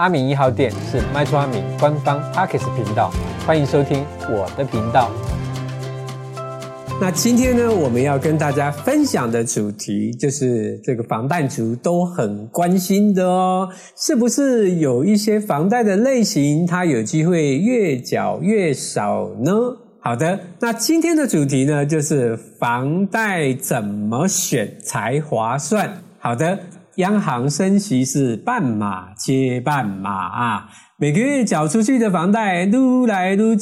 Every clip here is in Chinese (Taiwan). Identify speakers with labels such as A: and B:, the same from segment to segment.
A: 阿明一號店是賣厝阿明官方 Podcast 頻道，歡迎收聽我的頻道。那今天呢，我們要跟大家分享的主題就是這個房貸族都很關心的哦，是不是有一些房貸的類型，它有機會越繳越少呢？好的，那今天的主題呢，就是房貸怎麼選才划算？好的。央行升息是半碼接半碼啊，每個月繳出去的房貸越來越多，一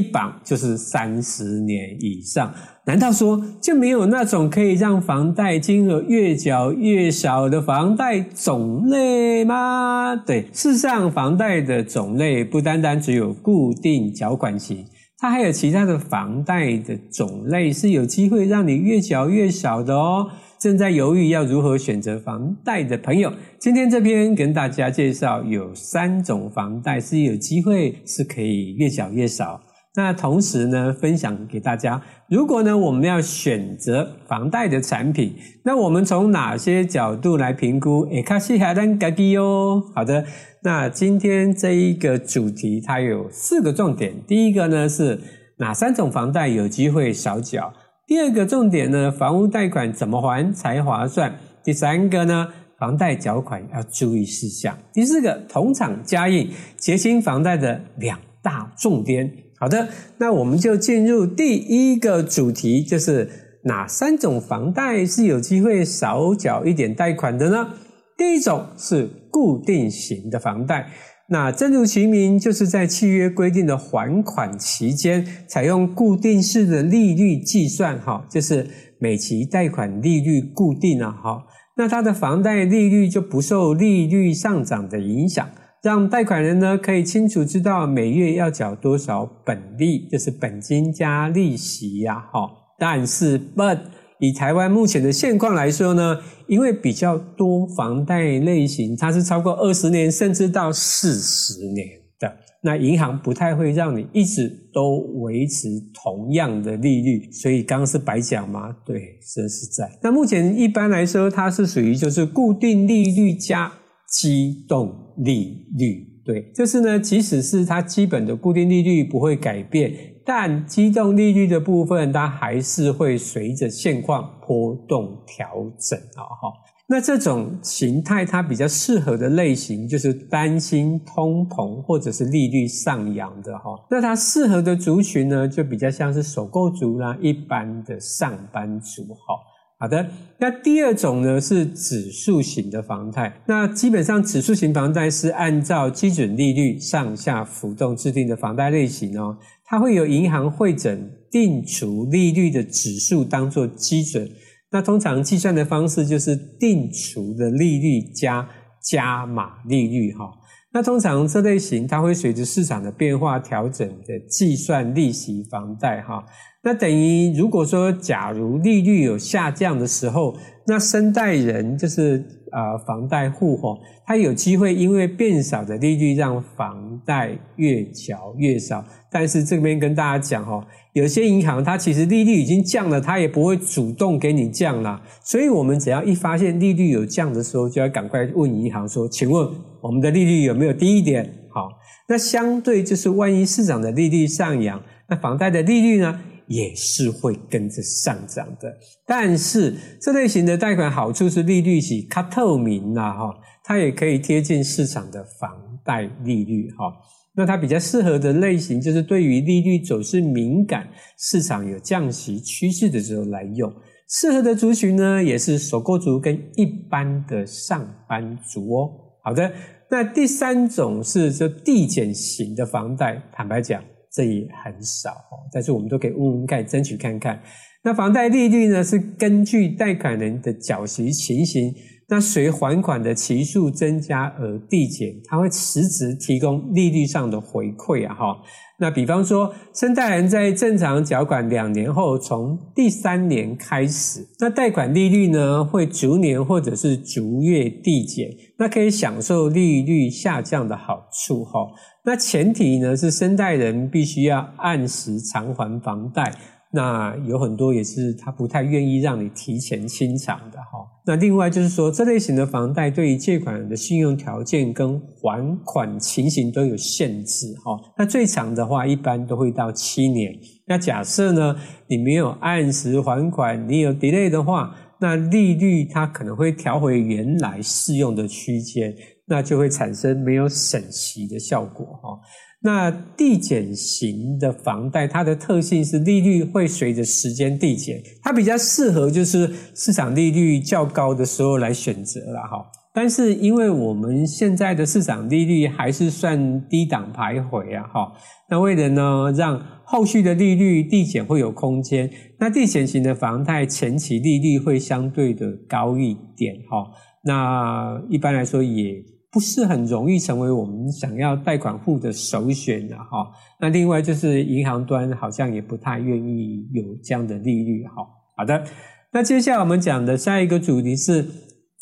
A: 綁就是三十年以上，難道說就沒有那種可以讓房貸金額越繳越少的房貸種類嗎？對，事實上房貸的種類不單單只有固定繳款型，它還有其他的房貸的種類是有機會讓你越繳越少的哦。正在猶豫要如何選擇房貸的朋友，今天這篇跟大家介紹有三種房貸是有機會是可以越繳越少。那同時呢，分享給大家，如果呢，我們要選擇房貸的產品，那我們從哪些角度來評估？誒，卡西還能改基喲。好的，那今天這一個主題它有四個重點。第一個呢是哪三種房貸有機會少繳？第二個重點呢，房屋貸款怎麼還才划算？第三個呢，房貸繳款要注意事項。第四個，同場加映，結清房貸的兩大重點。好的，那我們就進入第一個主題，就是哪三種房貸是有機會少繳一點貸款的呢？第一種是固定型的房貸。那正如其名，就是在契約規定的還款期間，採用固定式的利率計算，哈，就是每期貸款利率固定了，哈。那它的房貸利率就不受利率上漲的影響，讓貸款人呢可以清楚知道每月要繳多少本利，就是本金加利息呀，哈。但是，but 以台灣目前的現況來說呢？因為比較多房貸類型，它是超過二十年甚至到四十年的，那銀行不太會讓你一直都維持同樣的利率，所以剛剛是白講嗎？對，這是在在。那目前一般來說，它是屬於就是固定利率加機動利率，對，就是呢，即使是它基本的固定利率不會改變。但機動利率的部分，它還是會隨着現況波動調整啊哈。那這種形態，它比較適合的類型就是擔心通膨或者是利率上揚的哈。那它適合的族群呢，就比較像是首購族啦，一般的上班族哈。好的，那第二種呢，是指數型的房貸。那基本上，指數型房貸是按照基準利率上下浮動制定的房貸類型哦。它會由銀行彙整定儲利率的指數當做基準，那通常計算的方式就是定儲的利率加加碼利率哈。那通常這類型它會隨着市場的變化調整的計算利息房貸哈。那等於如果說假如利率有下降的時候。那申貸人就是啊房貸戶吼，他有機會因為變少的利率讓房貸越繳越少。但是這邊跟大家講吼，有些銀行它其實利率已經降了，它也不會主動給你降啦。所以我們只要一發現利率有降的時候，就要趕快問銀行說，請問我們的利率有沒有低一點？好，那相對就是萬一市場的利率上揚，那房貸的利率呢？也是會跟着上漲的，但是這類型的貸款好處是利率是卡透明吶，哈，它也可以貼近市場的房貸利率，哈。那它比較適合的類型就是對於利率走勢敏感、市場有降息趨勢的時候來用。適合的族群呢，也是首購族跟一般的上班族哦、喔。好的，那第三種是就遞減型的房貸，坦白講。這也很少，但是我們都可以問問看，爭取看看。那房貸利率呢，是根據貸款人的繳息情形，那隨還款的期數增加而遞減，它會實時提供利率上的回饋啊，哈。那比方說，申貸人在正常繳款兩年後，從第三年開始，那貸款利率呢，會逐年或者是逐月遞減，那可以享受利率下降的好處哈。那前提呢，是申貸人必須要按時償還房貸。那有很多也是他不太願意讓你提前清償的哈。那另外就是說，這類型的房貸對於借款人的信用條件跟還款情形都有限制哈。那最長的話一般都會到七年。那假設呢你沒有按時還款，你有 delay 的話，那利率它可能會調回原來適用的區間，那就會產生沒有省息的效果哈。那遞減型的房貸，它的特性是利率會隨着時間遞減，它比較適合就是市場利率較高的時候來選擇啦哈。但是因為我們現在的市場利率還是算低檔徘徊啊哈，那為了呢讓後續的利率遞減會有空間，那遞減型的房貸前期利率會相對的高一點哈。那一般來說也。不是很容易成為我們想要貸款戶的首選的哈。那另外就是銀行端好像也不太願意有這樣的利率哈。好的，那接下來我們講的下一個主題是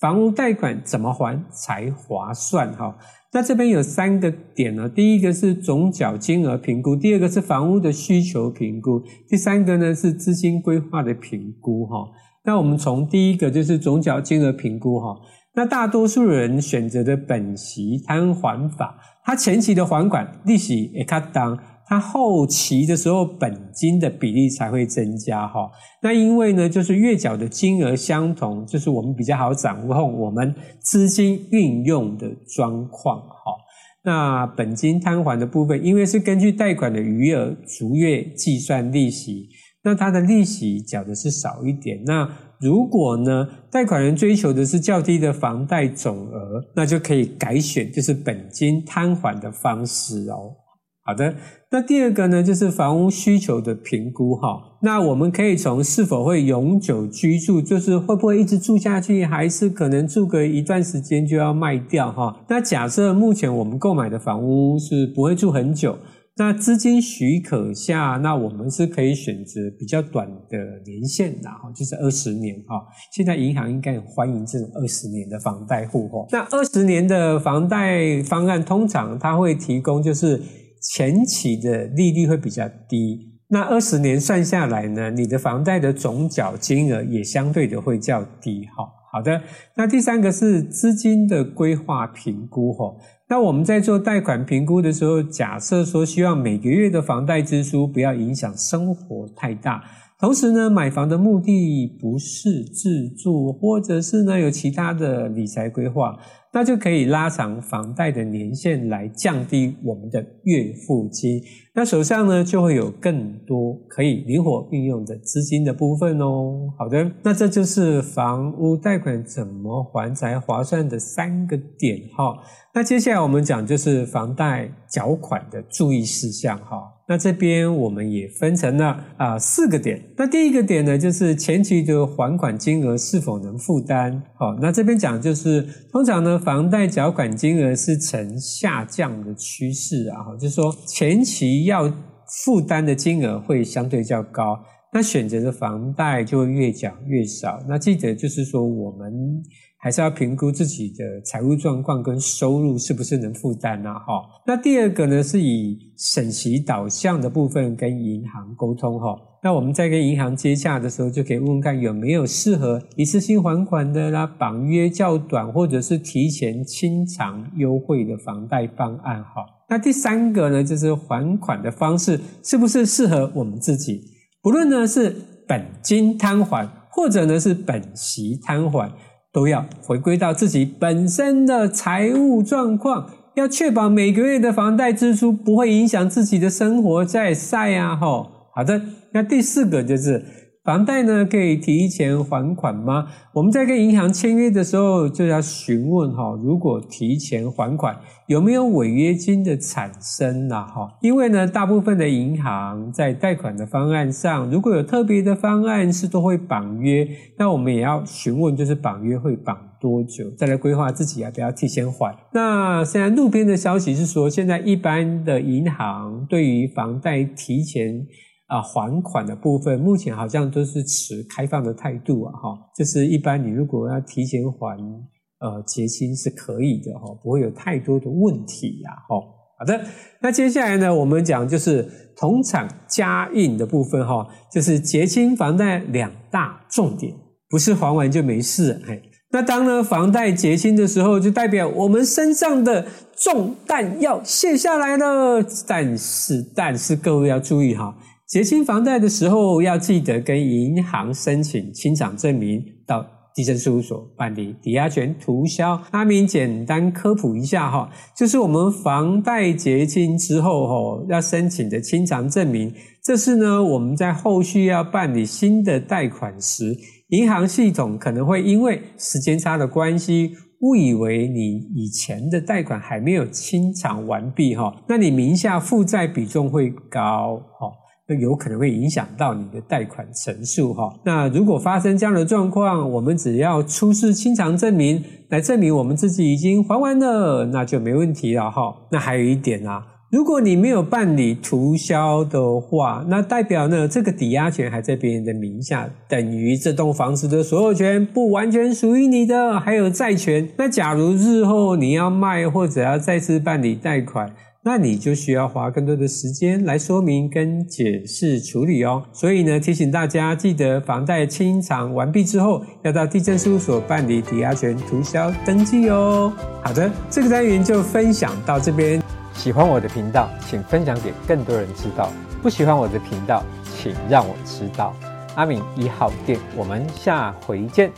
A: 房屋貸款怎麼還才划算哈。那這邊有三個點呢，第一個是總繳金額評估，第二個是房屋的需求評估，第三個呢是資金規劃的評估哈。那我們從第一個就是總繳金額評估哈。那大多數人選擇的本息攤還法，它前期的還款利息也恰當，它後期的時候本金的比例才會增加哈。那因為呢，就是月繳的金額相同，就是我們比較好掌握我們資金運用的狀況哈。那本金攤還的部分，因為是根據貸款的餘額逐月計算利息，那它的利息繳的是少一點那。如果呢，貸款人追求的是較低的房貸總額，那就可以改選就是本金攤還的方式哦。好的，那第二個呢，就是房屋需求的評估哈。那我們可以從是否會永久居住，就是會不會一直住下去，還是可能住個一段時間就要賣掉哈。那假設目前我們購買的房屋是不會住很久。那資金許可下，那我們是可以選擇比較短的年限，然後就是二十年啊。現在銀行應該很歡迎這種二十年的房貸戶哈。那二十年的房貸方案，通常它會提供就是前期的利率會比較低，那二十年算下來呢，你的房貸的總繳金額也相對的會較低哈。好的，那第三個是資金的規劃評估哈。那我們在做貸款評估的時候，假設說希望每個月的房貸支出不要影響生活太大。同時呢，買房的目的不是自住，或者是呢有其他的理財規劃，那就可以拉長房貸的年限來降低我們的月付金。那手上呢就會有更多可以靈活運用的資金的部分哦。好的，那這就是房屋貸款怎麼還才划算的三個點哈。那接下來我們講就是房貸繳款的注意事項哈。那這邊我們也分成了啊、呃、四個點。那第一個點呢，就是前期的還款金額是否能負擔？好、哦，那這邊講就是通常呢，房貸繳款金額是呈下降的趨勢啊。就是說前期要負擔的金額會相對較高，那選擇的房貸就會越繳越少。那記得就是說我們。還是要評估自己的財務狀況跟收入是不是能負擔呢？哈，那第二個呢，是以省息導向的部分跟銀行溝通哈。那我們在跟銀行接洽的時候，就可以問問看有沒有適合一次性還款的啦，綁約較短或者是提前清償優惠的房貸方案哈。那第三個呢，就是還款的方式是不是適合我們自己？不論呢是本金攤還，或者呢是本息攤還。都要回歸到自己本身的財務狀況，要確保每個月的房貸支出不會影響自己的生活再曬呀！吼，好的，那第四個就是。房貸呢，可以提前還款嗎？我們在跟銀行簽約的時候就要詢問哈，如果提前還款有沒有違約金的產生呢？哈，因為呢，大部分的銀行在貸款的方案上，如果有特別的方案是都會綁約，那我們也要詢問，就是綁約會綁多久，再來規劃自己要不要提前還。那現在路邊的消息是說，現在一般的銀行對於房貸提前。啊，還款的部分目前好像都是持開放的態度啊，哈，就是一般你如果要提前還，呃，結清是可以的哈，不會有太多的問題呀，哈。好的，那接下來呢，我們講就是同場加映的部分哈，就是結清房貸兩大重點，不是還完就沒事。哎，那當呢房貸結清的時候，就代表我們身上的重擔要卸下來了。但是，但是各位要注意哈。結清房貸的時候，要記得跟銀行申請清償證明，到地政事務所辦理抵押權塗銷。阿明簡單科普一下哈，就是我們房貸結清之後哈，要申請的清償證明，這是呢我們在後續要辦理新的貸款時，銀行系統可能會因為時間差的關係，誤以為你以前的貸款還沒有清償完畢哈，那你名下負債比重會高哈。就有可能會影響到你的貸款成數哈。那如果發生這樣的狀況，我們只要出示清償證明，來證明我們自己已經還完了，那就沒問題了哈、哦。那還有一點啊，如果你沒有辦理塗銷的話，那代表呢這個抵押權還在別人的名下，等於這棟房子的所有權不完全屬於你的，還有債權。那假如日後你要賣或者要再次辦理貸款。那你就需要花更多的時間來說明跟解釋處理哦。所以呢，提醒大家記得房貸清償完畢之後，要到地政事務所辦理抵押權塗銷登記哦。好的，這個單元就分享到這邊。喜歡我的頻道，請分享給更多人知道；不喜歡我的頻道，請讓我知道。阿明一號店，我們下回見。